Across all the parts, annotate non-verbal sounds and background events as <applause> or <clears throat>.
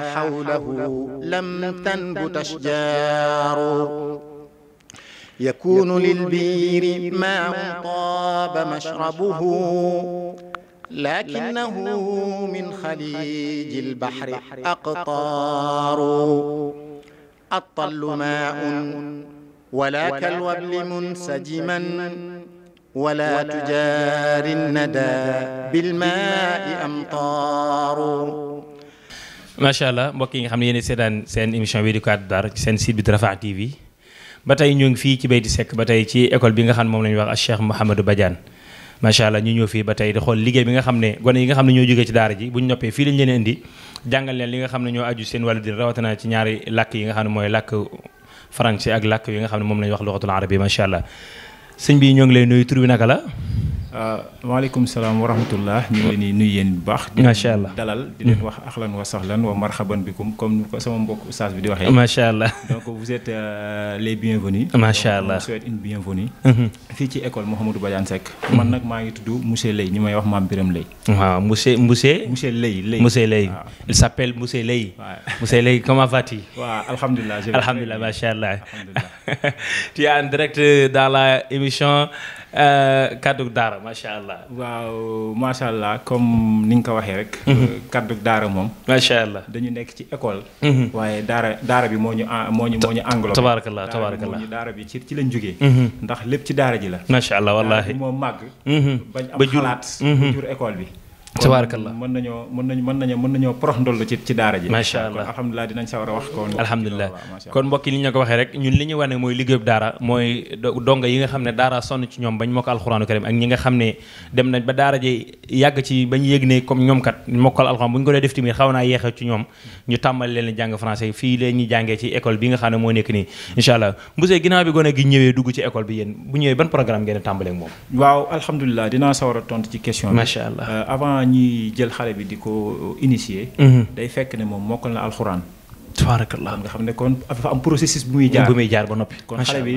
حوله لم تنبت أشجار يكون للبير ماء طاب مشربه لكنه من خليج البحر أقطار الطل ماء ولا كالوبل منسجما ولا تجاري الندى بالماء أمطار macha allah mbokk yi nga xam ne yéen a seetaan seen émission bi di Kaddu Daara ci seen site bi Rafah TV ba tey ñu ngi fii ci Bayti Seck ba tey ci école bi nga xam ne moom la ñuy wax Cheikh Mouhamadou Badiane macha allah ñu fii ba tey di xool liggéey bi xam ne gone yi nga xam ne ñoo jógee ci xam ne ñoo aju seen wàllu diine rawatina ci ñaari làkk yi nga xam ne mooy làkk français ak làkk yi nga xam ne moom la ñuy wax luxatul arabi macha allah sëñ bi ñoo ngi lay nuyu tur bi naka la Euh, waaleykum salaam wa rahmatullah ñu ngi leen bu baax. macha allah dalal di leen wax axlan wa saxlan wa marxaban bikum comme ni ko sama mbokk oustaz bi di waxee. macha allah donc vous êtes euh, les bienvenus. macha allah donc vous une bienvenue. Mhm. fii ci école Mouhamadou Badiane Seck. man nag maa ngi tudd monsieur Leye ñu may wax maam Biram Leye. waaw monsieur monsieur. monsieur Leye Leye monsieur Leye. il s' appelle monsieur Leye. waaw monsieur Leye comment vas-tu. waaw alhamdulilah je vais. alhamdulilah allah. <laughs> tu es en direct dans la émission. Euh, kàddu daara macha allah. waaw macha allah comme ni nga ko waxee rek. Mhm. Euh, kàddu daara moom. macha allah dañu nekk ci école. Mhm. waaye daara daara bi moo ñu ah, moo ñu moo ñu englobe. tabaarakallah tabaarakallah daara bi ci ci lañ jógee. Mhm. ndax lépp ci daara ji la. macha allah wallaahi daara bi moo màgg. bañ am xalaat. ba jur école bi. tabarakallah mën nañoo mën nañoo mën ndoll ci daara ji macha allah alhamdulilah dinañ sa war a wax ko alhamdulilah kon mbokki li ci ñoom bañ mokkal alxuraanu karim ak ñi nga ba daara ne comme ñoom kat mokkal alxuraan bu ñu ko dee def tamit xaw ñu tàmbali leen jàng français fii la ñuy jàngee bi nga ne moo nekk nii incha allah mbusee ginnaaw bi gone gi ñëwee dugg ci école bi yéen bu ñëwee ban programme ngeen tàmbalee moom waaw alhamdulilah dinaa sa a tontu ci question macha allah euh, ñuy jël xale bi di ko initier. Mm-hmm. day fekk ne moom mokkal na alxuraan. tabarakallah nga xam ne kon dafa am processus bu muy jaar bu muy jaar ba noppi kon xale bi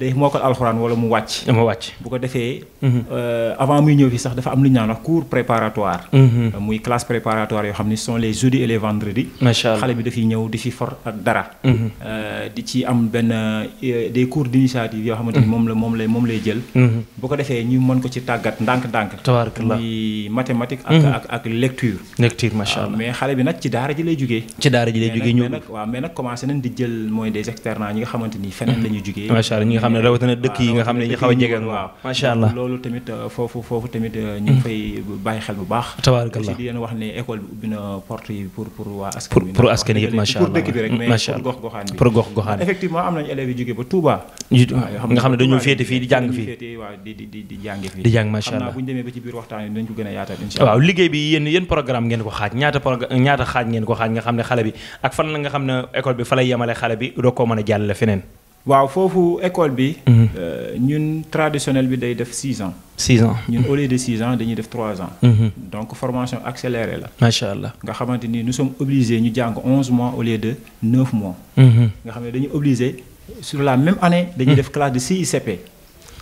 day mokkal alxuraan wala mu wàcc mu wàcc bu ko defee mhm. euh, avant muy ñëw fi sax dafa am lu ñu naan mhm. euh, ñëw di fi for ak dara mhm. euh, di ci am benn des cours d'initiative yoo xamante moom la moom lay moom lay jël bu ko defee ñu mën ko ci tàggat ndànk-ndànk tabarakallah muy mathématique ak ak lecture lecture mais xale bi nag ci daara ji lay jugee ci daara waaw mais nag commencé nañ di jël mooy des externats ñi nga xamante ni feneen la ñuy jugee allah ñu nga xam ne dañu euh, euh, féete fii di allah liggéey bi yéen programme ngeen ko xaaj ñaata programme ñaata xaaj ngeen ko xaaj nga xam ne xale bi ak fan la nga xam ne école bi fa lay yemale xale bi doo koo mën a jàllale feneen. waaw foofu école bi. Mhm. Euh, ñun traditionnel bi day def six ans. six ans ñun mhm. au lieu de six ans dañuy def trois ans. Mhm. donc formation accélérée la. macha allah nga xamante ni nous sommes obligés ñu jàng onze mois au lieu de neuf mois. nga xam ne dañuy obligé sur la même année. dañuy def classe de CICP.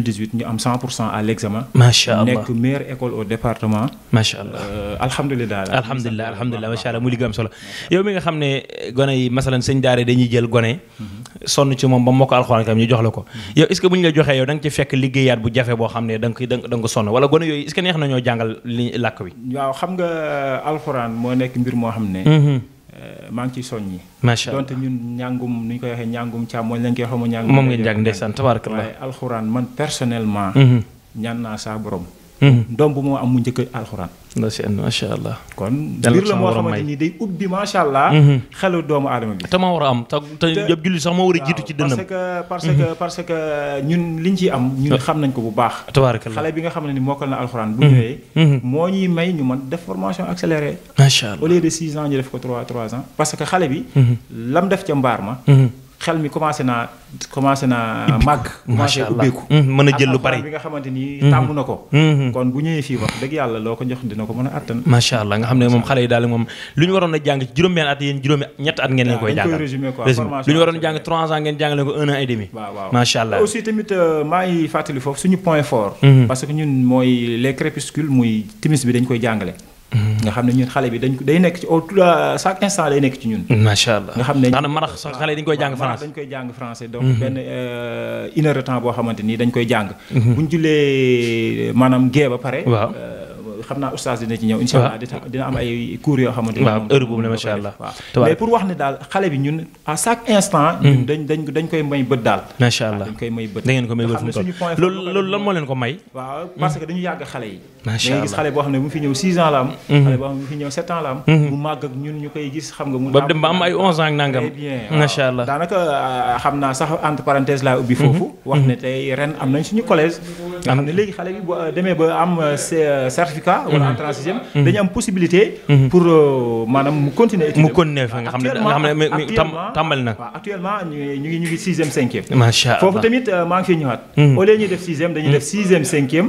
2018 am 100 allah euh, alhamdulilah. alhamdulilah mu liggéey am solo. yow mi nga xam ne gone yi masalan sëñ daara dañuy jël gone. sonn ci moom ba mokk alxuraan tam ñu jox la ko. Mhm. yow est bu ñu la joxee yow da nga ci fekk liggéeyaat bu jafe boo xam ne da ko sonn wala gone yooyu est neex na ñoo jàngal li làkk waaw xam nga alxuraan moo nekk mbir moo xam ne. Mhm. maa ngi ciy soññi. macha allah donte ñun ñàngum nu ñu koy waxee ñàngum càmmoñ lañ koy xamu. ñàngum moom nga jàng ndeysaan tabaarkalla waaye alxuraan man personnellement. Mhm. ñaan naa saa borom. Hmm. doom bu moo am mu njëkk alxuraan. macha kon mbir la moo xamante ni day ubbi macha hmm, hmm. xelu doomu aadama bi. te ma war a am te te yëpp julli sax ma war a jiitu ci dënnam. parce que parce que parce que ñun liñ ci am. ñun ah. xam nañ ko bu baax. tabaarakallah xale bi nga xam ne ni mokkal na alxuraan. bu ñëwee. moo ñuy may ñu mën def formation accélérée. macha au lieu de six ans ñu def ko trois trois ans. parce que xale bi. lam def ca mbaar ma. xel mi commencé naa commencé naa màgg. macha allah ubbeeku mm-hmm, a jël lu bari bi nga xamante ni mm-hmm. tàmm na ko. Mm-hmm. kon bu ñëwee fii wax dëgg yàlla loo ko jox dina ko mën a attan. macha allah nga xam ne moom xale yi daal moom lu ñu waroon a jàng juróom-benn at yéen juróomi ñett at ngeen leen koy jàngal. jàngale ko allah aussi tamit euh, maa fàttali foofu suñu point fort. parce que ñun mooy les crépuscules muy timis bi dañ koy jàngale. nga xam ne ñun xale bi dañ day nekk ci au tout chaque instant day nekk ci ñun. macha allah nga xam ne daanaka marax sax xale dañ koy jàng français dañ koy jàng français. donc mhm. benn euh, une boo xamante ni dañ koy jàng. Mhm. bu ñu jullee maanaam gée ba pare. waaw euh, xam naa oustaz dina ci ñëw incha allah dina am ay cours yoo xamante ne daal xale bi ñun à chaque instant hmm. dañ dañ koy may bët daal macha allah da ngeen ko may bët fu mu toll loolu loolu lan moo leen dañu yàgg xale yi macha allah boo xam ne bu fi hmm. hmm. ak ñun ñu koy gis xam nga mu ba ba am ay 11 ans ak nangam macha allah daanaka euh, xam naa sax entre parenthèse laa ubbi foofu wax ne tey ren am nañ suñu collège xam ne léegi xale bi bu euh, ba am euh, certificat cas wala mhm. en transième mhm. dañu am possibilité mhm. pour euh, maanaam mu continuer mu continuer fa nga xam ne tàmbali na waaw actuellement ñu ngi ñu ngi sixième cinquième macha allah foofu tamit euh, maa ngi fiy ñëwaat au lieu ñuy def sixième dañuy def sixième cinquième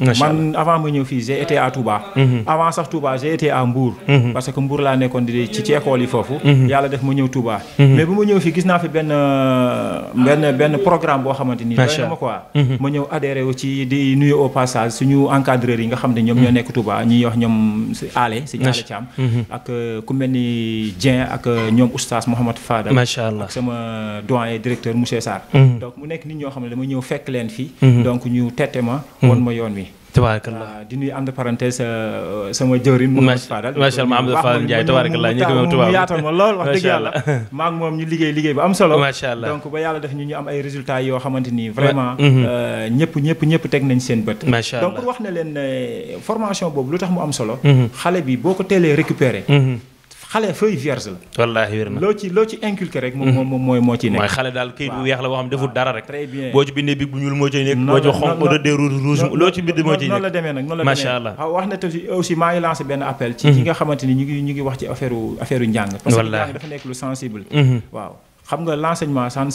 man avant ma ñëw fii j'ai été à Touba. Mhm. avant sax Touba j'ai été à Mbour. Mhm. parce que Mbour laa nekkoon di ci ci école yi foofu. Mhm. yàlla def ma ñëw Touba. mais bu ma ñëw fii gis naa fi benn euh, benn benn programme boo xamante ni. macha allah ma quoi. ma ñëw adhéré wu ci nekk nit ñoo xam ne dama ñëw fekk leen fii. donc ñu tette ma won ma yoon tabaarakallah ah, di nuyu parenthèse euh, sama jëwriñ. macha allah Amadou Fall Ndiaye tabaarakallah ñu gëm tubaab mu yaatal ma lool wax dëgg yàlla. <laughs> maa ngi moom ñu liggéey liggéey bu am solo. macha allah donc ba yàlla def ñu ñu am ay résultats yoo xamante ni vraiment. Mhm. Euh, ñëpp ñëpp ñëpp teg nañ seen bët. xale feuille vierge la. wallaahi wér na loo ci loo ci inculqué rek. moom moom mooy moo ci nekk. xale daal këyit weex la boo xam dara rek. boo ci bindee bi bu ñuul moo ciy nekk. boo ci xonq rëddee rouge loo ci bind moo ciy nekk. noonu la demee nag noonu la demee macha allah. waaw wax na te aussi maa ngi lancé benn appel. ci mhm. nga xamante ni ñu ngi wax ci affaire affaire njàng. parce que njàng dafa nekk lu sensible. Mhm. waaw. xam nga l'enseignement ça ne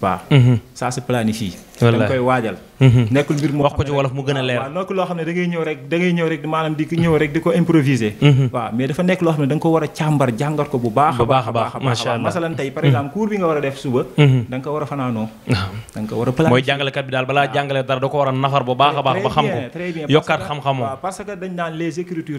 pas. Mhm. ça se planifie. da koy waajal. Mhm. nekkul mbir moo wax ko ci wolof mu gën a leer. nekkul loo xam ne ñëw rek di ko improviser. Mhm. waaw mais dafa nekk loo xam ne da ko war a càmbar jàngat ko bu baax. baax baax macha allah par exemple cours bi nga war a def suba. da ko war a fanaanoo. mooy jàngalekat bi daal balaa jàngale dara da ko war a nafar bu baax baax. ba xam ko yokkaat xam-xamoo. parce que dañ naan les écritures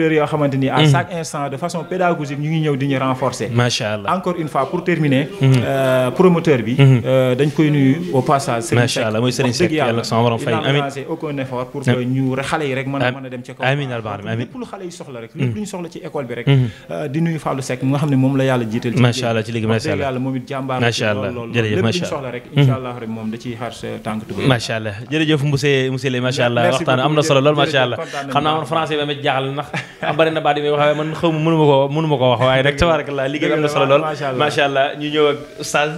encadreurs yoo xamante ni. à mhm. chaque instant de façon pédagogique ñu a mën a lépp lu xale yi soxla rek. Mhm. lépp lu soxla ci école bi rek. Mhm. Euh, di nuyu Fallou Seck mi nga xam moom la ci léegi macha allah yàlla moom allah jërëjëf macha allah lépp lu ñu soxla rek. allah rek moom da ciy xaar sa tànk allah jërëjëf monsieur am na solo lool macha allah xam naa man français ba ma jaaxal ndax <laughs> am bari na baat yi may wax waaye man xaw ma mënu ma koo mënu ma koo wax waaye rek tabarakallah liggéey am na solo lool macha allah ñu ñëw ak oustaz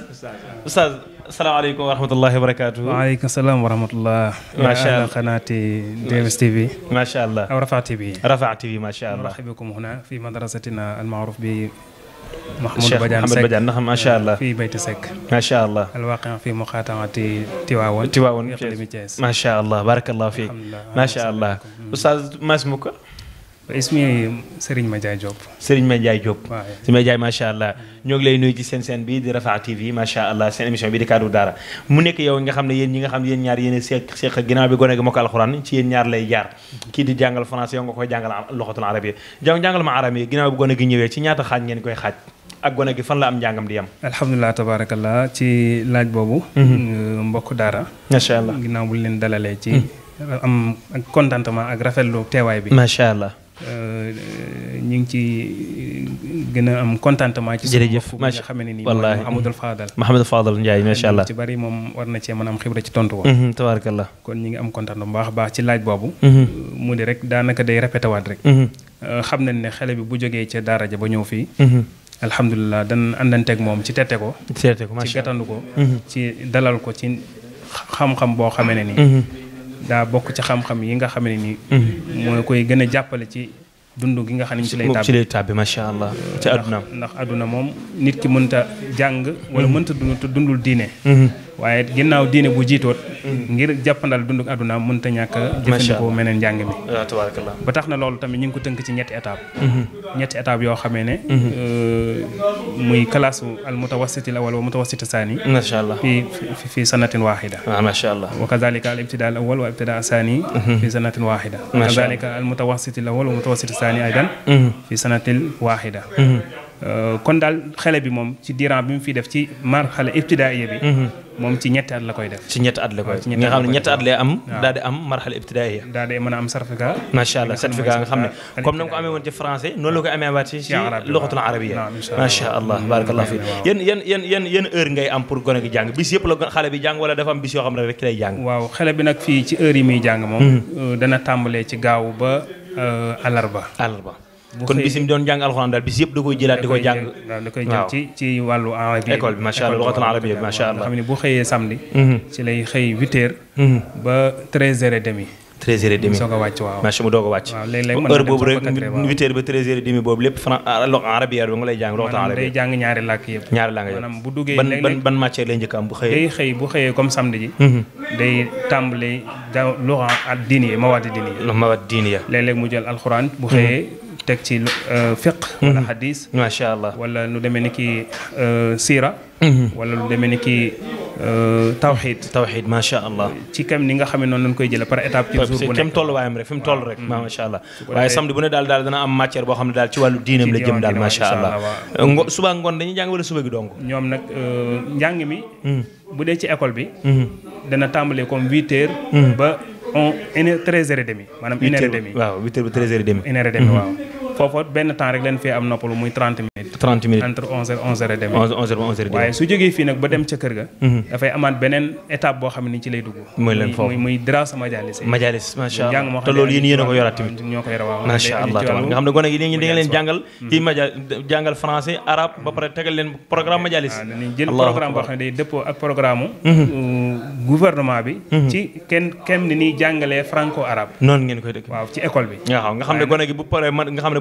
oustaz salaamaaleykum wa rahmatullahi wa barakaatu. waaleykum salaam wa rahmatullah. macha allah qanaati DMS TV. macha allah aw Rafah TV. Rafah TV macha allah. marhabakum huna fi madrasatina almaaruf bi. Cheikh Mouhamed Badiane Nakh macha allah. fii Bayti Seck. macha allah. alwaqi fi muqatamati Tiwaawoon. Tiwaawoon macha allah barakallahu fiik. macha allah oustaz Mass Mouka. ismi Serigne Madiaye Diop. Serigne Madiaye Diop. waaw Serigne Madiaye macha allah ñoo ngi lay nuyu ci seen seen bi di Rafah TV macha allah seen émission bi di kaddu daara mu nekk yow nga xam ne yéen ñi nga xam ne yéen ñaar yéen a seq seq ginnaaw bi gone gi mokk alxuraan ci yéen ñaar lay jaar. kii di jàngal français yow nga koy jàngal loxatul arabiya jàng jàngal ma arab yi ginnaaw bi gone gi ñëwee ci ñaata xaaj ngeen koy xaaj ak gone gi fan la am njàngam di yam. alhamdulilah tabaarakallah ci laaj boobu. Mhm. mbokk daara. macha ginnaaw bu leen dalalee ci mhm. am ak rafetlu teewaay bi macha allah Euh, ñu ngi ci gën a am contentement. ci suñu bopp ma xam ne nii wallaahi Amadou Fadal. Mouhamadou Fadal Ndiaye macha allah. ci bari moom war na cee mën a am xibra ci tontu woon. Mhm, tabaarakallah kon ñu ngi am contentement bu baax baax ci laaj boobu. Mhm. Euh, mu di rek daanaka day répété waat rek. Mhm. Euh, xam nañ ne xale bi bu jógee ca daara ja ba ñëw fii. alhamdulilah dan àndanteeg moom ci tette ko. ci tette ko macha allah ci gàttandu ko. ci dalal ko ci xam-xam boo xamee ne nii. daa bokk ci xam-xam yi nga xam ne nii. Mhm. mooy koy gën a jàppale ci dund gi nga xam ne ci lay. ci lay tàbbi macha allah ci adduna ndax adduna moom nit ki mënta jàng. wala mhm. mënta dund te dundul diine. Mhm. waaye ginnaaw diine bu jiitoot mm-hmm. ngir jàppandal dunduk àdduna mënta ñàkk jëfandikoo meneen njàng mi ah, ba tax na loolu tamit ñu ngi ko tënk ci ñetti étape mm-hmm. ñetti étape yoo xamee ne mm-hmm. euh, muy classe al mutawasit al awal wa mutawasit saani macha allah fi fi sanatin waxida ah, macha allah wa kazalika al ibtida al awal wa ibtida saani fi sanatin waxida wa kazalika al mutawasit al awal wa mutawasit saani aydan fi sanatin waxida Euh, kon daal xale bi moom ci diiran bi mu fi def ci marxala ibtidaaiya bi mhm. moom ci ñetti at la koy def ci ñetti at la koy def nga xam ñetti at lay am daal di am marxala ibtidaaiya daal am certificat macha allah certificat nga comme na nga ko amee woon ci français noonu la koy amee waat ci ci loxatul arabiya macha allah barakallah fi yéen yéen ngay am pour gone gi jàng bis yëpp la xale bi jàng wala dafa am bis yoo xam ne rek ci lay jàng waaw xale bi nag fii ci heure yi muy jàng moom mhm. euh, dana tàmbalee ci gaaw ba alarba euh, alarba kon bisim doon jàng alxuraan daal bis yëpp da koy jëlaat di ko jàng waaw da koy jàng ci ci wàllu arabi école bi macha allah luxatul arabi bi macha allah xam ne bu xëyee samedi mhm. ci mhm. a a ah, day jàng ñaari làkk yëpp ñaari làkk yëpp maanaam bu duggee ban ban ban matière mhm. ah, mu jël alxuraan bu xëyee teg ci euh, fiq wala xadis mhm. macha allah wala lu demee ni ki euh, siira mhm. wala lu demee ni ki euh, tawxid ma macha allah ci kam ni nga xam ne noonu lañ koy jëlee par étape ci jour bu nekk kem tolluwaayam rek fi toll rek mhm. macha allah waaye samedi bu ne daal daal dana am matière boo xam ne daal ci wàllu diinam la jëm daal macha allah ngo suba ngoon dañuy jàng wala suba gi dong ñoom nag njàng mi bu dee ci école bi dana tàmbalee comme huit heures ba on une heures treize heures et demi maanaam une ba treize foofa benn temps rek leen fee am noppalu muy 30 minutes. 30 minutes entre 11h 11h et demi. 11h 11h waaye su jógee fii nag ba dem ca kër ga. Mhm. dafay amaat beneen étape boo xam ne ci lay dugg. mooy leen foofu muy muy dirasa majalis. majalis macha allah te loolu yéen yéen a ko yoraat tamit. ñoo ko yor waaw macha allah nga xam ne gone yi léegi da nga leen jàngal. ci mhm. maja jàngal français arabe ba pare tegal leen programme majalis. waaw ah, dañuy jël programme boo xam ne day dëppoo ak programme mhm. euh, gouvernement bi. ci kenn kenn ni jàngalee franco arabe. noonu ngeen koy dëgg. waaw ci école bi. nga xam ne gone gi bu paree man nga xam ne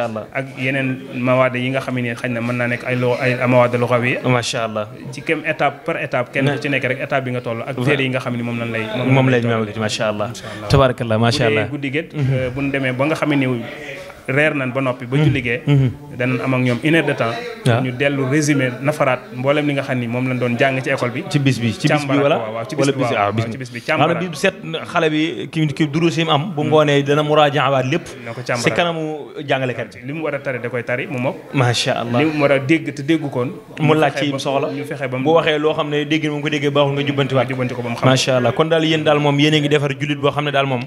macha allah ak yeneen mawaade yi nga xam ne na mën naa nekk ay lo ay mawaade luxawiya macha allah ci kem étape par étape kenn ci nekk rek étape bi nga toll ak téere yi nga xam moom lañ lay moom lañ maamagati macha allah tabaarakallah macha allah guddi gét mhm. euh, bu ñu demee ba nga xam reer nañ ba noppi. ba julli hmm. gee. Hmm. danañ am ñoom une heure de ñu dellu résumé nafaraat mboolem li nga xam ni moom lañ doon jàng ci école bi. ci bis bi ci bis bi wala waaw bis bi set uh, xale bi ki duru si am. bu hmm. ngoonee dana muraajawaat lépp. si kanamu jàngalekat bi. li mu war a tari da koy tari mu mokk. macha allah a dégg kon daal yéen daal moom yéen a defar jullit boo xam ne daal moom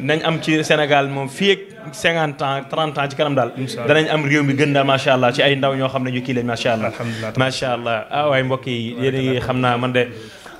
nañ am ci Sénégal moom fii cinquante ans trente ans ci kanam daal danañ am réew mi gën daal macha allah ci ay ndaw ñoo xam ne ñu kii lañ macha allah macha allah ah waay mbokk yi yéen xam naa man de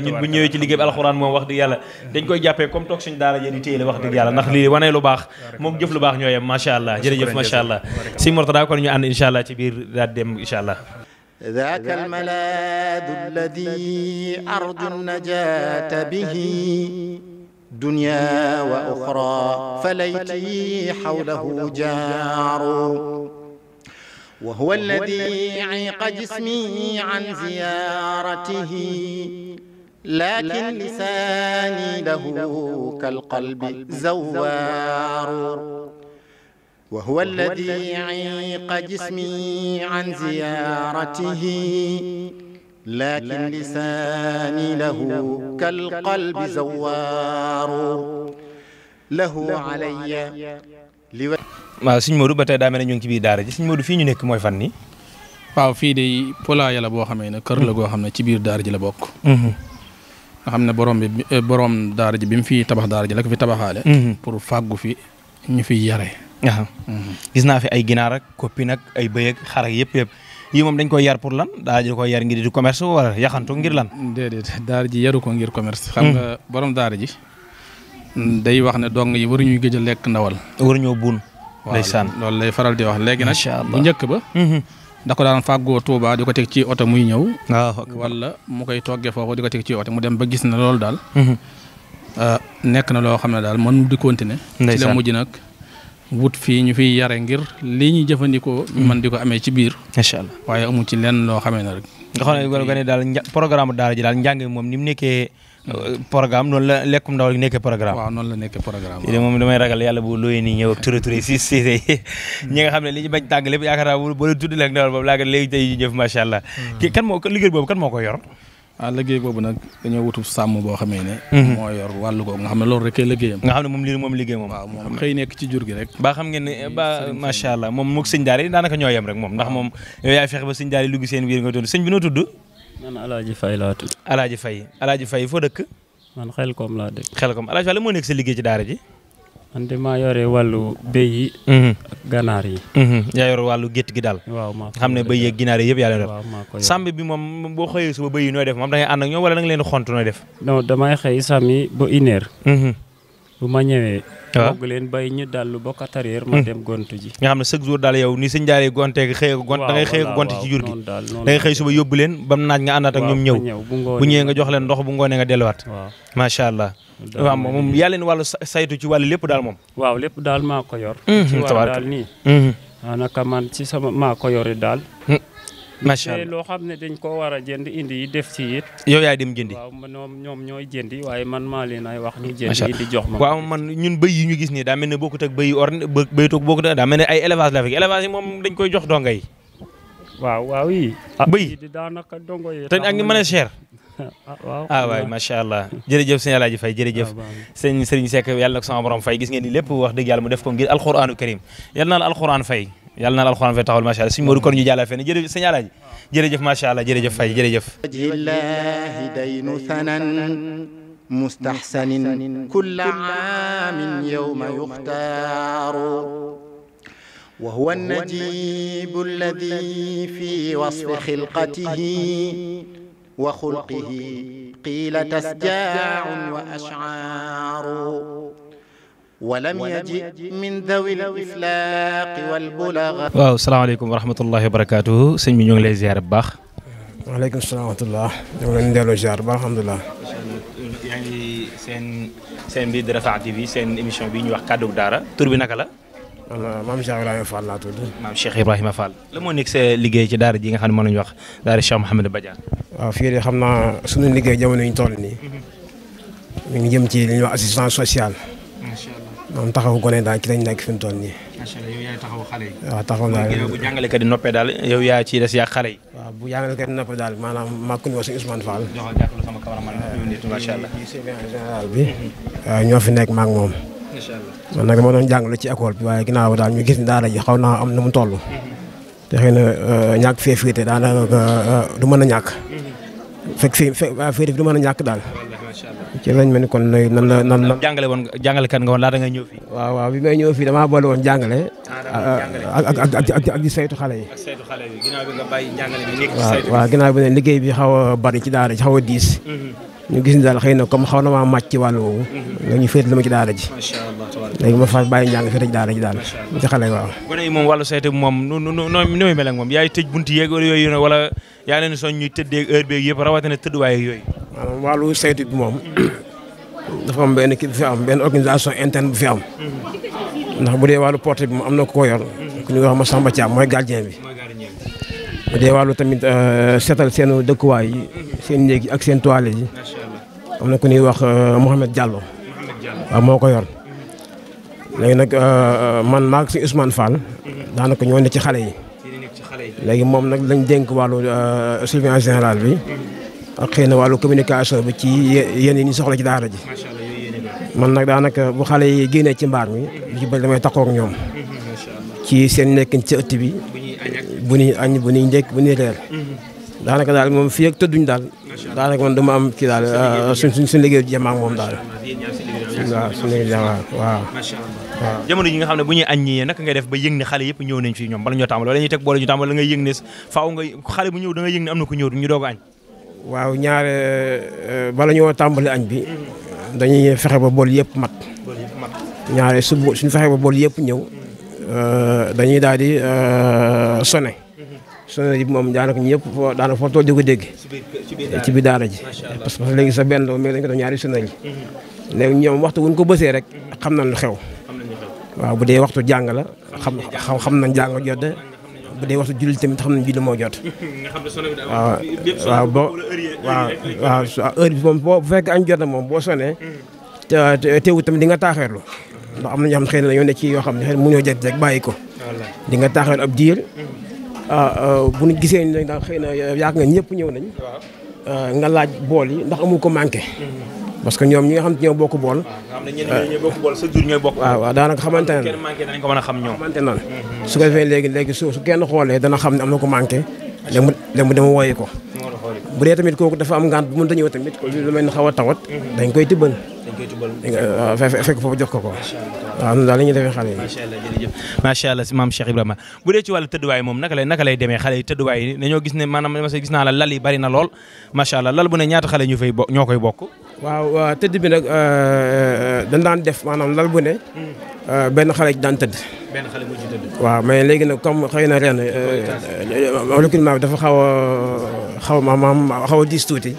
yàlla ñun bu ñëwee ci liggéey bi alxuraan moom wax dëgg yàlla dañ koy jàppee comme toog suñu daara jëli téye la wax dëgg yàlla ndax lii wanee lu baax moom jëf lu baax ñoo yem macha allah jërëjëf macha allah si Mortada kon ñu ànd incha allah ci biir daal dem incha allah ذاك الملاذ الذي أرجو النجاة به دنيا وأخرى فليتي حوله جار وهو الذي عيق جسمي عن زيارته لكن لساني له كالقلب زوار وهو الذي عيق جسمي عن زيارته لكن لساني له كالقلب زوار له علي waaw sëñ Modou ba tey daa mel ne ñu ngi ci biir daara ji sëñ Modou fii ñu nekk mooy fan nii waaw fii de Poulaye la boo xamee ne kër la goo xam ne ci biir daara ji la bokk mhm. nga xam ne borom bi eh, borom daara ji bi mu fi tabax daara ji la ko fi tabaxaale. Mhm. pour faggu fi ñu fi yare. Mhm. gis naa fi ay ginaar ak koppi nag ay bëy ak xar ak yëpp yëpp yii moom dañ koy yar pour lan daara ji koy yar ngir di commerce wala yaxantu ngir lan. déedéet ji yaru ko ngir commerce. xam nga mhm. borom daara ji. day wax ne dong yi waruñu gëj a lekk ndawal. waruñoo buun. ndeysaan loolu lay faral di wax léegi nag. ba. da ko daan fàggoo Touba di ko teg ci oto muy ñëw. wala mu koy toggee foofu di ko teg ci oto mu dem ba gis na loolu daal. Mhm. Ah, nekk na loo xam ne daal man di continuer. ci la mujj nag wut fii ñu fi yare ngir lii ñuy jëfandikoo. man mhm. di ko amee ci biir. macha allah waaye amu ci lenn loo xamee ne rek. programme daara ji daal njàng moom ni nekkee. programme noonu la lekkum ndaw li nekkee programme. waaw noonu la nekkee programme waaw. moom damay ragal yàlla bu looyee nii ñëw ak ture ture si si hmm. ñi nga xam ne li ñu bañ tàng lépp yaakaar naa bu la tudd ak ndaw boobu laaga léegi tey jii ñëf macha allah. Hmm. kii kan moo liggéey boobu kan moo ko yor. ah liggéey boobu nag dañoo wutub sàmm boo xamee ne. Hmm. moo yor wàllu googu nga xam ne loolu rek kay liggéeyam. nga xam ne moom lii moom liggéey moom. waaw moom xëy nekk ci jur gi rek. ba xam ngeen ne ba macha allah moom moog sëñ daara yi daanaka ñoo yem rek moom ndax moom yow yaay fexe ba sëñ daara yi lugg seen biir nga doon sëñ bi noo tudd man Alaaji Faye laa tudd. Alaaji Faye Alaaji Faye foo dëkk. man xel koom laa dëkk. xel koom Alaaji Faye la moo nekk sa liggéey ci daara ji. man de maa yore wàllu béy yi. Mhm. ak ganaar yi. Mhm, yaa yore wàllu gétt gi daal. waaw maa xam ne béy yeeg ginaar yi yëpp yaa leen def. waaw sàmm bi moom boo xëyee suba béy nooy def moom da ngay ànd ak ñoom wala da leen xont nooy def. non damay xëy sàmm yi ba bu ma ñëwee. waaw ah. togg leen bay ñu daal lu bokk atarière ma hmm. dem gontu ji. nga xam ne chaque jour daal yow ni sëñ jaaree gonteeg xëy gont da ngay xëy gont ci jur gi. da ngay xëy suba yóbbu leen bam naaj nga àndaat ak ñoom ñëw. bu ngoonee nga delluwaat. waaw allah. waaw moom yaa leen saytu ci wàllu lépp daal moom. waaw lépp daal maa ko yor. Hmm, macha allah loo xam ne dañ koo war a jënd indi yi def ci it. yow yaay dem jëndi waaw ñoom ñoom ñooy jëndi waaye man maa leen ay wax ñu jëndi indi jox ma. waaw man ñun bëy yi ñu gis nii daa mel ne bokkut ak bëy orne bëy toog bokkut ak daa mel ne ay élevage la fi élevage yi moom dañ koy jox donga yi. waaw waaw yi. Ah, bëy yi daanaka dongo yi. te ak ni mën a cher. Ah, waaw ah waay macha allah jërëjëf sëñ Alaaji Fay jërëjëf ah, sëñ Sëriñ Seck yàlla na ko sama borom fay gis ngeen ni lépp wax dëgg yàlla mu def ko ngir alxuraanu karim yàlla na la alxuraan fay yàlla na la alxuraan fay taxawal macha allah suñu Modou kon ñu jàllale fenn jërëjëf sëñ Alaaji jërëjëf macha allah jërëjëf Faye jërëjëf ilahi daynu sanan mustahsanin kulla aamin yawma yuxtaaru wa huwa najibu alladi fi wasfi xilqatihi wa xulqihi qiila tasjaaun wa ashcaaru walam yaji min dawil iflaaq wal bulaaga waaw salaamaaleykum wa rahmatullahi wa barakaatu sëñ bi ñu ngi lay bu baax. waaleykum salaam wa rahmatulah. ñu ngi leen di baax alhamdulilah. ngi seen seen bi di Rafah TV seen émission bi ñu wax kàddu daara tur bi naka la. maam euh, Cheikh Ibrahima Fall laa tudd. maam Cheikh Ibrahima Fall. la moo nekk sa liggéey ci daara ji nga xam ne mën nañu wax daara Cheikh Mouhamed Badiane. waaw xam naa sunu liggéey jamono yi ñu toll nii. ñu mhm. ngi ci assistance sociale. moom taxawu gone daal ci lañ nekk fi mu toll nii. macha allah taxaw xale yi. waaw taxaw naa leen bu jàngalekat yi noppee daal yow yaa ciy des yàq xale yi. waaw bu jàngalekat noppee daal maanaam màkk ñu wax si Ousmane Fall. bi. ñoo fi nekk ma ak moom. macha allah man nag dama doon jàngale ci école bi waaye ginnaaw daal ñu gis ni daara ji xaw naa am na mu toll. te xëy na euh, ñàkk fee féete daanaka euh, du mën a ñàkk. Mhm. fekk fee féete du mën a ñàkk daal ci lañ ma ni kon léegi nan na nan la. jàngale woon jàngalekat nga woon laata ngay ñëw fii. waaw waaw bi may ñëw fii damaa boole woon jàngale. Ah, ak ak ak ak di saytu xale yi. saytu xale yi ginnaaw bi nga bàyyi bi waaw ginnaaw bi ne liggéey bi xaw a bari ci daara ci xaw a diis. Mhm. ñu gis ni daal xëy na xaw na maa màcc ci wàll woowu. nga mhm. féet la ma ci daara ji. macha allah léegi ma fas bàyyi njàng féet ci daara xale yi waaw. gone yi moom wàllu saytu moom nu nu mel ak moom yaay tëj bunt yeeg yooyu wala yaa leen soñ ñuy tëddee heure beeg yëpp rawatina tëdduwaay yooyu. wàllu saytu bi moom <clears throat> dafa am benn kii bu benn organisation interne bu fi am ndax bu dee wàllu porte bi moom am na ku ko yor ku ñuy wax Massamba Thiam mooy gardien bi bu dee wàllu euh, seetal seen dëkkuwaay yi seen néeg ak seen toilettes yi na ku ñuy wax euh, Mouhamed Diallo waaw moo ko yor léegi nag euh, man maag si Ousmane Fall daanaka ñoo ne ci xale yi léegi moom nag lañ dénk wàllu surveillance générale bi mm-hmm. ak xëy na wàllu communication bi ci yéen yi ñu soxla ci daara ji. man nag daanaka bu xale yi génnee ci mbaar mi lu ci bëri damay taxaw ak ñoom. ci seen nekkin ci ëtt bi. bu ñuy añ bu ñuy njëkk bu ñuy reer. daanaka daal moom fii ak tëdduñ daal. daanaka man dama am kii daal euh, suñ suñ suñ liggéey jàmm ak daal. waaw suñ liggéey jàmm waaw waaw. jamono ji nga xam ne bala ñoo tàmbali wala ñuy teg boole ñu tàmbali da ngay yëg nga xale bu ñëw da ngay am na ku ñëw ñu doog añ waaw ñaare euh, euh, bala ñoo tàmbali añ bi dañuy fexe ba bool yëpp mat ñaare su suñu fexe ba bool yëpp ñëw euh, dañuy daal di sone sone yi moom daanaka ñëpp foo daanaka foo tool di ko dégg ci biir daara ji parce léegi sa benn mais dañ ko def ñaari sone yi mhm. léegi ñoom waxtu wuñ ko bësee rek xam nañ lu xew waaw bu dee waxtu jàng la xam xam nañ jàng jodde bu dee waxtu julli tamit xam nañ julli moo jot. <laughs> nga xam ne sonné waaw waaw boo waaw waaw heure bi moom boo bu jot na moom boo sonné. Hmm. te teewul tamit di nga taaxeerlu. ndax am na ñoo xam ne xëy na dañoo ne ci yoo xam ne xëy na mënoo jot rek bàyyi ko. di nga taaxeerlu ab diir. Hmm. Ah, ah, bu nu gisee ne daal xëy na yaakaar nga ñëpp ñëw nañ. Ah, nga laaj bool yi ndax amul ko manqué. Hmm. parce que ñoom ñi nga xam te ñoo bokk bool. waaw waaw daanaka xamante ne. dañ ko a xam ñoom xamante na mhm. su ko defee léegi kenn xoolee dana xam ne am na ko manqué. léegi mu léegi mu tamit kooku dafa am ngant bu mënta ñëw tamit lu mel ni xaw a tawat. Mhm. dañ koy tibbal. ko ko. waaw noonu daal xale yi. macha allah jërëjëf macha allah si maam Cheikh Ibrahima bu ci wàllu tëdduwaay moom naka lay naka lay demee xale yi tëdduwaay yi dañoo gis ne maanaam gis naa la lal yi bari lool macha allah lal bu ne ñaata xale ñu fay bo ñoo koy bokk waaw tëdd bi nag euh, euh, dañ daan def maanaam lal bu ne. Euh, benn xale daan tëdd. waaw mais léegi nag comme xëy na ren. recrutement bi dafa xaw a xaw ma maam xaw a diis tuuti.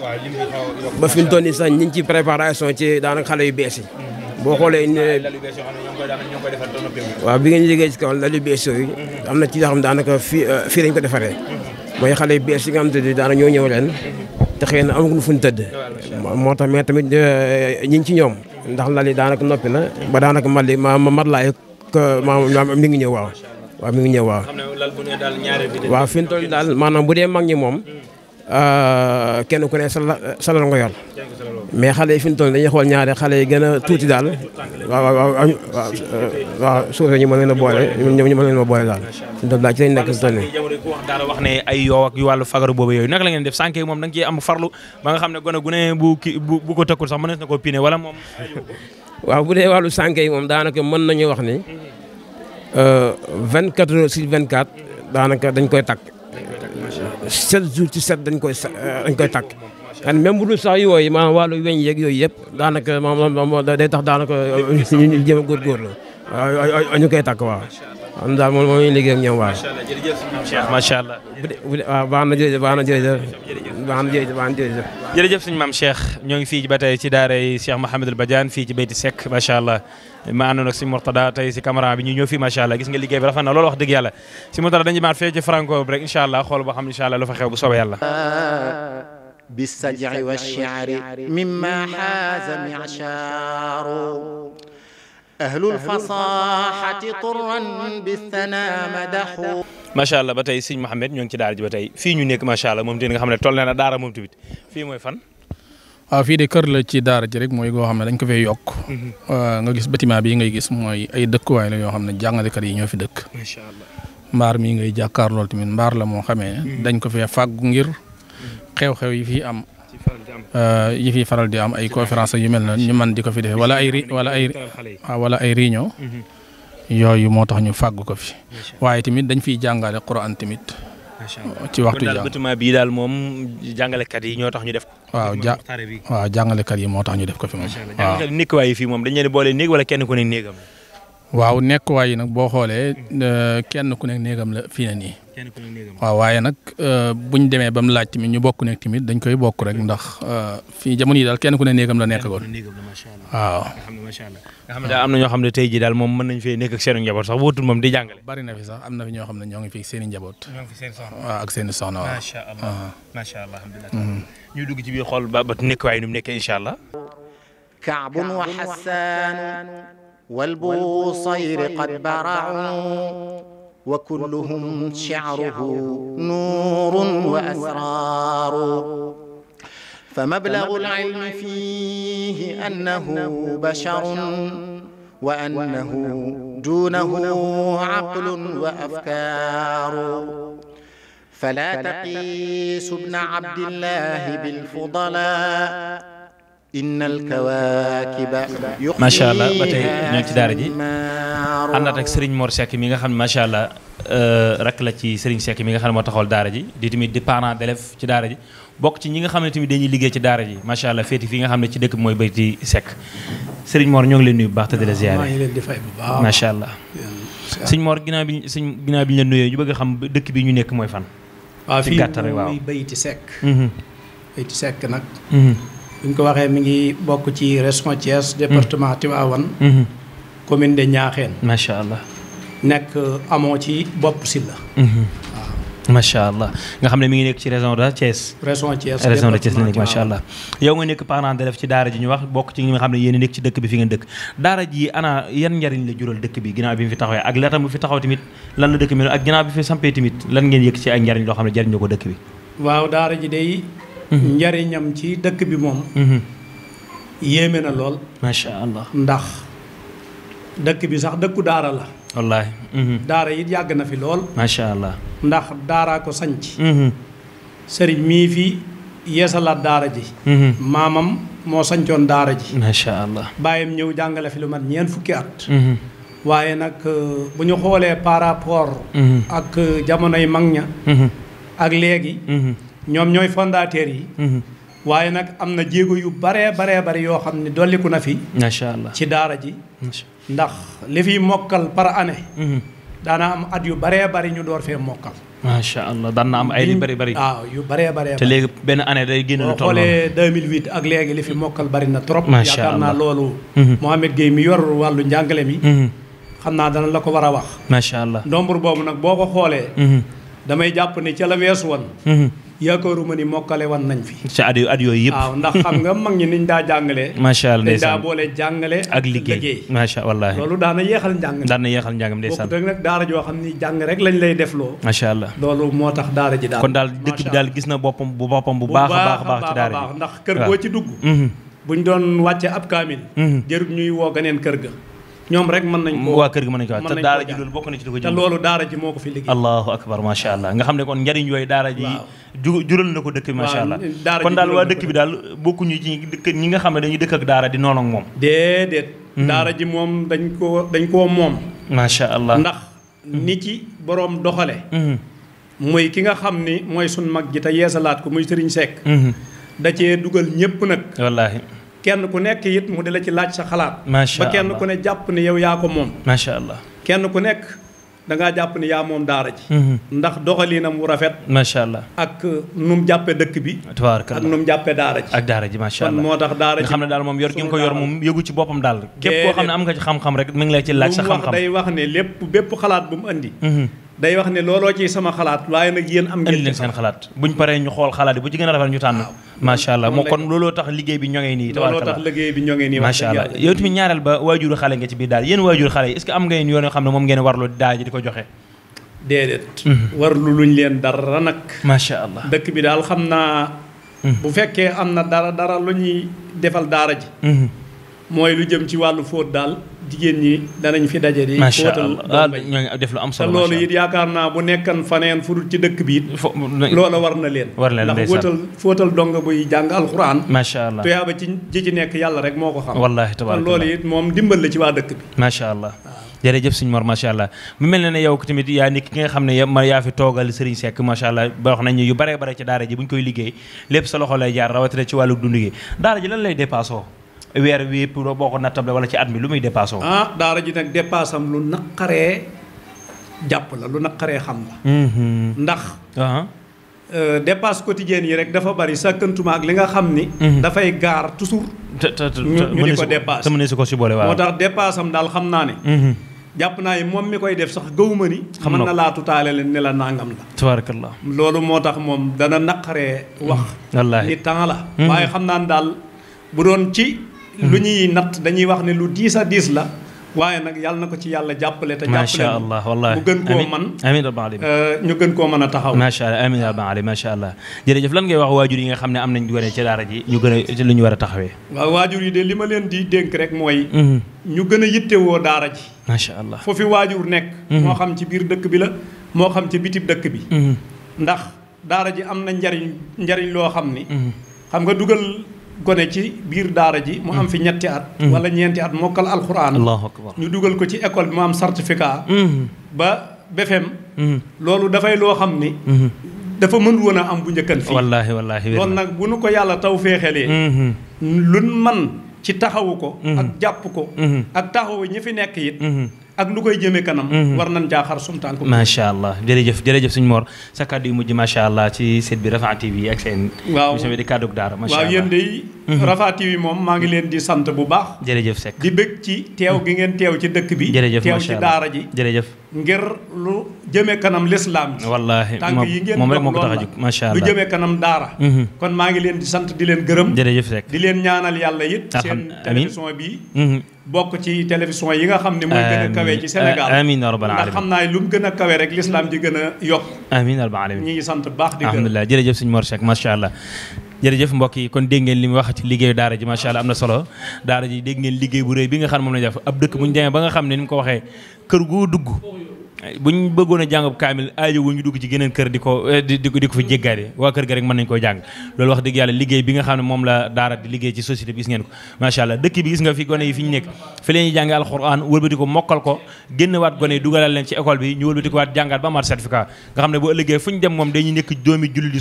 ba fi mu toll nii sax ñu ngi ci préparation ci daanaka xale yu bees yi. Mm-hmm. boo xoolee ne waaw bi ngeen liggéey ci kaw lalu bees yooyu mm-hmm. am na ci yoo xam daanaka fii fii lañ ko defaree. Mm-hmm. mooy xale yu bees yi nga xam te ne daanaka ñoo ñëw ren. te xëy na amaguñu fu ñu tëdd. moo tax mais tamit euh, ñi ngi ci ñoom. ndax lal yi noppi na ba daanaka mal ma mat laay euh, ma mi ngi ñëw waaw. waaw mi ngi ñëw waaw. waaw fi mu toll daal maanaam bu dee mag ñi moom. Euh, kenn ku ne salal nga yor mais xale yi fi mu toll dañuy xool ñaari xale yi gën a tuuti daal waaw waaw waaw waaw euh, suufee ñu mën leen a boole ñu mën leen a boole daal fi mu toll daal ci lañ nekk si toll nii daal wax ne ay moom da nga ciy am farlu ba nga xam ne gone gu ne bu ki bu ko tëkkul sax mënees na koo pine wala moom <laughs> waaw bu dee wàllu sànq yi moom daanaka mën nañu wax ni 24 euh, heures sur 24 daanaka dañ koy takk sept jours ci sept dañ koy euh, dañ koy takk kan même bu dul sax yooyu maanaam wàllu weñ yeeg yooyu yëpp daanaka moom day tax daanaka ñu jéem a góorgóorlu waaw ñu koy takk waaw. am daal moom mooy liggéey ak ñoom waaw. macha allah waaw baax na jërëjëf baax na jërëjëf. baax na jërëjëf baax na jërëjëf. jërëjëf suñu maam Cheikh ñoo ngi fii ba tey ci daara yi Cheikh Mouhamadul Badiane fii ci Beyti Seck macha allah. ma àndoon ak si Mourtada tey si caméra bi ñu ñëw fii macha allah gis nga liggéey bi rafet na loolu wax dëgg yàlla si Mourtada dañu maat fee ci franco bi rek incha allah xool boo xam incha allah lu fa xew bu soobee yàlla bi saj'i wa shi'ri mimma haaza mi'shaaru ahlul fasahati turran bi thanaa madahu macha allah ba tey sëñ Mouhamed ñoo ngi ci daara ji ba tey fii ñu nekk macha allah moom tamit nga xam ne toll na daara moom tamit fii mooy fan waaw ah, fii de kër la ci daara ji rek mooy goo xam ne dañ ko fay yokk. Mm-hmm. Ah, nga gis bâtiment bii ngay gis mooy ay dëkkuwaay la yoo xam ne jàngalekat yi ñoo fi dëkk. macha mbaar mi ngay jàkkaar lool tamit mbaar la moo xamee. Mm-hmm. dañ ko fee fàggu ngir mm-hmm. xew-xew yi fii am. Ah, yi fi faral di am ay conférence yu mel na ñu man di ko fi defee wala ay wala ay wala ay réunion yooyu moo tax ñu fàgg ko fi waaye tamit dañ fiy jàngale Quran tamit macha oh, allah ci waxtu jàng bâtiment bii daal moom jàngalekat yi ñoo tax ñu def ko. waaw ja waaw yi moo tax ñu def ko fi moom. waaw jàngalekat yi nekkuwaay yi fii moom dañu leen boole néeg wala kenn ku ne néegam waaw nekkuwaay yi nag boo xoolee euh, kenn ku ne néegam la fii na nii. waaw waaye nag euh, buñ demee ba mu laaj tamit ñu bokk nekk tamit dañ koy bokk rek ndax euh, fii jamono yi daal kenn ku ne néegam la nekk goon waaw. daa am na ñoo xam ne tey jii daal moom mën nañ fee nekk ak seen njaboot sax wutul moom di jàngale. bari na fi sax am na fi ñoo xam ne ñoo ngi fi seen i njaboot. ñoo ngi fi seen soxna waaw ak seen i soxna waaw. macha allah macha allah alhamdulilah. Mm-hmm. ñu dugg ci biir xool ba ba nekkuwaay nu mu nekkee incha allah. Kaabun wa Xasaan wal Buusayri qad bara'u wa kulluhum shi'ruhu nuurun wa asraaru fa mablagul ilmi fiihi annahu basharun wa annahu duunahu aqlun wa afkaaru falaa taqiisu ibna abdillahi bilfudalaa macha allah ba tey ñoo ci daara ji àndaat ak Serigne Mor Seck mi nga xam ne macha allah euh, rek la ci Serigne Seck mi nga xam ne moo taxawal daara ji di tamit di parent d'élève ci daara ji bokk ci ñi nga xam ne tamit dañuy liggéey ci daara ji macha allah féeti fii nga xam ne ci dëkk bi mooy Bayti Seck Serigne Mor ñoo ngi leen nuyu bu baax te di la ziyaare. maa ngi leen di fay bu baax allah. sëñ Mor ginnaaw bi sëñ ginnaaw bi ñu leen nuyoo ñu bëgg a xam dëkk bi ñu nekk mooy fan. ci gàttal waaw fii mooy Bayti buñ ko waxee mi ngi bokk ci région Thiès. Mm-hmm. département Tivaouane. Mm-hmm. commune de Niakhène. macha allah. nekk euh, amoo ci bopp si la. Mm-hmm. waaw. allah nga xam ne mi ngi nekk ci région de Thiès. région de Thiès la nekk macha allah. yow nga nekk parent d'élève ci daara ji ñu wax bokk ci ñi nga xam ne yéen a nekk ci dëkk bi fi ngeen dëkk daara ji ana yan njariñ la jural dëkk bi ginnaaw bi mu fi taxawee ak laata mu fi taxaw tamit lan la dëkk bi ak ginnaaw bi fi sampee tamit lan ngeen yëkk ci ay njariñ Mm-hmm. njariñam ci dëkk bi moom mm-hmm. yéeme na lool macha allah ndax dëkk bi sax dëkku daara la wallaahi mm-hmm. daara it yàgg na fi lool macha allah ndax daaraa ko sanc sëriñ mii fi yeesalaat daara ji maamam moo sancoon daara ji macha allah bàyyam ñëw jàngale fi lu mat ñeent fukki at waaye nag euh, bu ñu xoolee par rapport ak euh, jamonoy mag ña ak léegi ñoom ñooy fondateurs yi. Mm-hmm. waaye nag am na jéego yu bare bare bari yoo xam ne dolliku na fi. macha allah ci daara ji. ndax li fi mokkal par année. Mm-hmm. daana am at yu baree bari ñu door fee mokkal. macha allah na am ay bari bari. waaw yu baree baree. te benn année day génn lu toll xoolee 2008 ak léegi li fi mokkal bari na trop. macha allah yaakaar naa loolu. Mm-hmm. Mohamed mi yor wàllu njàngale mi. xam naa dana la ko war a wax. macha allah ndombur boobu nag boo ko xoolee. damay jàpp ne ca la weesu woon. yaakaaruma ni mokkale wan nañ fi. ca at at yooyu yëpp. waaw ndax xam nga mag ñi niñ daa jàngalee. macha allah ndeysaan dañ daa boole jàngale. ak liggéey macha allah loolu daan na yeexal njàng. daan na yeexal njàngam ndeysaan bokkut nag daara joo xam ni jàng rek lañ lay def loo. macha allah loolu moo tax daara ji daal. kon daal dëkk bi daal gis na boppam bu boppam bu baax a baax ci daara ji ndax kër goo ci dugg. Mhm. bu ñu doon wàcce ab kaamil. Mhm. jërut ñuy woo ganeen kër ga ñoom rek mën nañ ko waa kër gi mën nañ ko te daara ji loolu bokk na ci di ko jàng te loolu daara ji moo ko fi liggéey allahu akbar macha daara ji jural na ko dëkk bi kon daal waa dëkk bi daal bokkuñu ci dëkk ñi nga xam ne dañuy dëkk ak daara di noonu ak moom hmm. ji moom dañ ko dañ koo moom macha allah ndax hmm. ni ci boroom doxale hmm. mooy ki nga xam ni mooy sun mag ji te yeesalaat ko muy sëriñ Seck da cee dugal ñépp nag wallaahi kenn ku nekk it mu di la ci laaj sa xalaat. macha allah ba kenn ku ne jàpp ni yow yaa ko moom. macha allah kenn ku nekk da ngaa jàpp ni yaa moom daara ji. Mhm. ndax doxalinam wu rafet. macha allah ak nu mu jàppee dëkk bi. ak nu mu jàppee daara ji. ak daara ji macha allah moo tax daara ji. nga xam ne daal moom yor gi nga ko yor moom yëgu ci boppam daal. képp koo xam ne am nga ci xam-xam rek mi ngi la ci laaj sa xam-xam. lu mu wax day wax ne lépp bépp xalaat bu mu andi. Mhm. day wax ne looloo ci sama xalaat waaye nag yéen am ngeen leen seen xalaat buñ paree ñu xool xalaat yi bu ci gën a rafet ñu tànn macha allah moo kon looloo tax liggéey bi ñongee nii looloo tax liggéey bi ñongee nii macha allah yow tamit ñaareel ba waajuru xale nga ci biir daal yéen waajuru xale yi est-ce que am ngeen yoon yoo xam ne moom ngeen warlu daal ji di ko joxe déedéet mhm. warlu luñ leen dara nag macha allah dëkk bi daal xam naa mhm. bu fekkee am na dara dara lu ñuy defal daara ji mhm. mooy lu jëm ci wàllu fóot daal jigéen ñi danañ fi daje di fóotal ñoo def lu am solo te loolu it yaakaar naa bu nekkan faneen fu ci dëkk bi it loola war na leen ndax fóotal fóotal dong buy jàng alxuraan macha allah tuyaaba ci nekk yàlla rek moo ko xam wallaahi tabaaraka loolu it moom dimbal la ci waa dëkk bi macha allah jërëjëf sëñ Mor macha allah mu mel ne ne yow tamit yaa nit ki nga xam ne ma yaa fi toogal sekk Seck macha allah ba wax nañu yu bare bare ci daara ji koy liggéey lépp sa loxo lay jaar rawatina ci wàllu dund gi daara ji lan lay dépassé weer wi yëpp boo ko nattable wala ci at mi lu muy dépassé ah daara ji nag dépassé am lu naqaree jàpp la lu naqaree xam la mm-hmm. ndax uh-huh. euh, dépasse quotidienne yi rek dafa bari sàkkantuma ak li nga xam ni mm-hmm. dafay gaar toujours ñu di ko dépasse mën si ko si boole waaw moo tax xam naa ne mm-hmm. jàpp naa moom mi koy def sax gëwuma ni mën na laa tutaale leen ne la nangam la tabarakallah loolu moo tax moom dana naqaree wax wallaahi ni temps la waaye xam naa ne daal bu doon ci Hmm. lu ñuy natt dañuy wax ne lu diis a diis la waaye nag yàlla na ko ci yàlla jàppale te jàppale allah wallaahi mu gën koo man amiin rabbal alamin euh, ñu gën koo mën a taxaw macha allah amiin rabbal alamin macha allah jërëjëf lan ngay wax waajur yi nga xam ne am na gone ci daara ji ñu gën a lu ñu war a taxawee waaw waajur yi de li ma leen di dénk rek mooy hmm. ñu gën a woo daara ji macha allah foofu waajur nekk hmm. moo xam ci biir dëkk bi la moo xam ci bitib dëkk bi ndax daara ji am na njariñ njariñ loo xam ni xam nga gone ci biir daara ji mu am fi mm. ñetti at mm. wala ñeenti at mokkal alxuraan ñu dugal ko ci école bi mu am certificat mm. ba BFEM loolu dafay loo xam ni dafa mën woon a am bu njëkkan fii wallaahi wallaahi loolu nag bu nu ko yàlla taw féexalee -hmm. lu man ci taxawu ko -hmm. ak jàpp ko -hmm. ak taxawu ñi fi nekk it ak lu koy jëmee kanam. Mhm. war nañ jaaxar sum tànk. macha allah jërëjëf jërëjëf suñu Mor sa kàddu yu mujj macha allah ci site bi Rafah TV ak seen. waaw émission bi di kàddu daara macha allah waaw yéen mhm. Rafah TV moom maa ngi leen di sant bu baax. jërëjëf Seck di bëgg ci teew gi ngeen teew ci dëkk bi. jërëjëf teew ci daara ji jërëjëf. ngir lu jëme kanam lislaam ji. wallaahi moom moom rek moo ko tax a jug macha allah lu jëmee kanam daara. Mhm. kon maa ngi leen di sant di leen gërëm. jërëjëf Seck di leen ñaanal yàlla it. seen télévision bi bokk ci télévision yi nga xam ne mooy gën a kawe ci Sénégal amiin rabbal alamin ndax xam naa lu mu gën a kawe rek l'islam di gën a yokk amiin rabbal alamin ñi ngi sant baax di alhamdulilah jërëjëf sëñ Mor Seck macha allah jërëjëf mbokk yi kon dégg ngeen li mu wax ci liggéeyu daara ji macha allah am na solo daara ji dégg ngeen liggéey bu réy bi nga xam moom la def ab dëkk bu ñu demee ba nga xam ne ni mu ko waxee kër gu dugg buñ bëggoon a jàngab kaamil aajo wu ñu dugg ci geneen kër di ko eh, di di ko fi jéggaade waa kër ga rek mën nañu koo jàng loolu wax dëgg yàlla liggéey bi nga xam ne moom la daara di liggéey ci société bi gis ngeen ko macha allah dëkk bi gis nga fi gone yi fi ñu nekk fi leen ñuy jàng alxuraan wëlbati ko mokkal ko génn waat gone yi dugalal leen ci école bi ñu wëlbati ko waat jàngaat ba amaat certificat nga xam ne bu ëllëgee fu ñu dem moom dañuy nekk doomi julli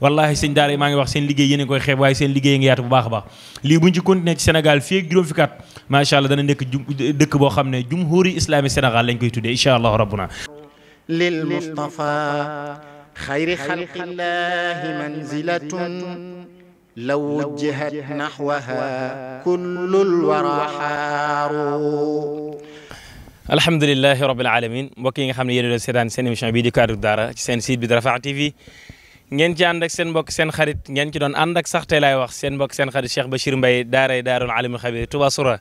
wallahi sëñ daara yi maa ngi wax seen liggéey yéen a koy xeeb waaye seen liggéey ngi yaatu bu baax a baax lii buñ ci continuer ci Sénégal fii ak juróom fi kat macha allah dana nekk dëkk boo xam ne jumhuri islami Sénégal lañ koy tuddee incha allah rabbuna lil Mustafa xayri xalqillahi manzilatun law wujjihat nahwaha kullul wara xaaru alhamdulilahi rabbil alamin mbokk yi nga xam ne yéen a doon seetaan seen émission bii di kaddu daara ci seen site bi Rafah TV ngeen ci ànd ak seen mbokk seen xarit ngeen ci doon ànd ak sax tey laay wax seen mbokk seen xarit Cheikh Bachir Mbaye daaray daarul alimul xabir Touba Soura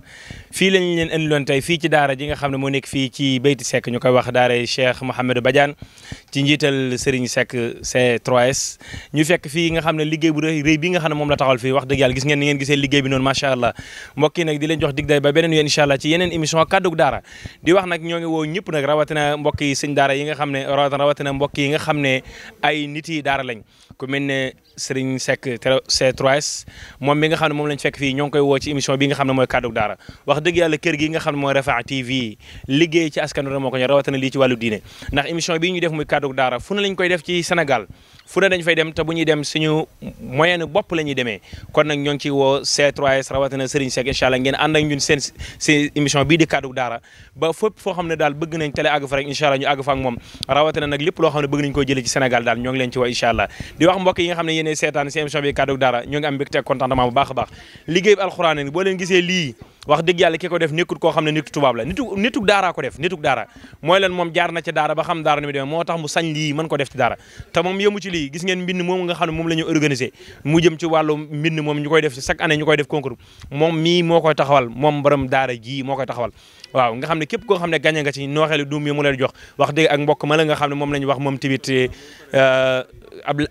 fii lañ leen andiloon tey fii ci daara ji nga xam ne moo nekk fii ci Beyti Seck ñu koy wax daaray Cheikh Mouhamadou Badiane ci njiital Serigne Seck C3S nga xam ne liggéey bu rëy bi nga xam ne moom la taxawal fii dëgg yàlla gis ngeen ni ngeen gisee liggéey bi noonu macha allah mbokk yi nag di leen jox dig day daara ñëpp nag rawatina mbokk yi sëñ daara yi nga xam ne rawatina mbokk yi nga xam ne ay nit yi daara lañ lañ ku mel ne Serigne Seck C3S moom mi nga xam ne moom lañ fekk fii ñoo ngi koy woo ci émission bi nga xam ne mooy kàddu daara wax dëgg yàlla kër gi nga xam ne mooy Rafah TV liggéey ci askan wi moo ko ñor rawatina lii ci wàllu diine ndax émission bii ñu def muy kàddu daara fu ne lañ koy def ci Sénégal fu ne dañ fay dem te bu ñuy dem suñu moyen bopp la ñuy demee kon nag ñoo ngi ciy woo C3S rawatina Serigne Seck incha allah ngeen ànd bii di kàddu daara ba fépp foo xam ne daal bëgg nañ télé àgg fa rek incha allah moom rawatina nag lépp loo xam ne bëgg nañ koo jëlee ci Sénégal daal ñoo ngi ci woo incha di wax mbokk yi nga xam ne seetaan si émission bi kàddu daara ñoo ngi am mbégte contentement baax a baax liggéey bi alxuraan boo leen gisee lii wax dëgg yàlla ki ko def nekkul koo xam ne nitu tubaab la nitu daara ko def nitu daara mooy leen moom jaar na daara ba xam daara ni mu demee moo tax mu sañ lii ko def ci képp koo xam ne gagné nga ci nooxeelu duum yi mu leen jox wax dëgg ak mbokk ma la nga xam ne moom lañu wax moom tamit euh,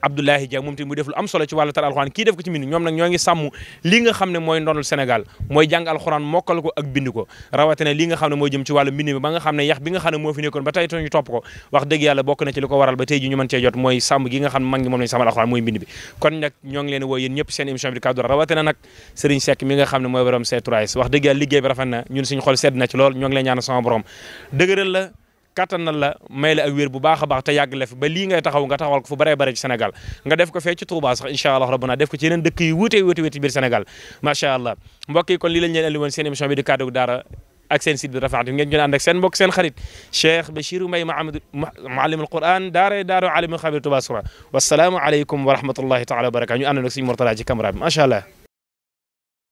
Abdoulaye Dia moom tamit mu def am solo ci wàllu tar alxuraan kii def ko ci mbind ñoom nag ñoo ngi sàmm nga xam ne mooy ndonul Sénégal mooy jàng alxuraan mooy mbind bi kon nag ñoo leen woo yéen seen émission bi di Kaddu Rab rawatina nag Serigne Seck mi xam ne mooy borom c 3 wax dëgg yàlla liggéey bi rafet ñun suñu xol sama borom dëgëral la kattanal la may la ak bu baax a baax te yàgg la fi ba lii ngay taxaw nga taxawal ko fu bare bare ci Sénégal nga def ko fee ci Touba sax incha allah rabbana def ko ci yeneen dëkk yu wuute wuute wuute biir Sénégal macha allah mbokk yi kon lii lañ leen andi woon seen émission bi di kàddu daara ak seen site bi Rafah ngeen ñu ànd ak seen mbokk seen xarit Cheikh Bachirou Mbaye Mahamadou Maalimul Quran daara wa rahmatullahi taala wa barakaatu ñu àndoon ak suñu Mourtala ci caméra bi macha allah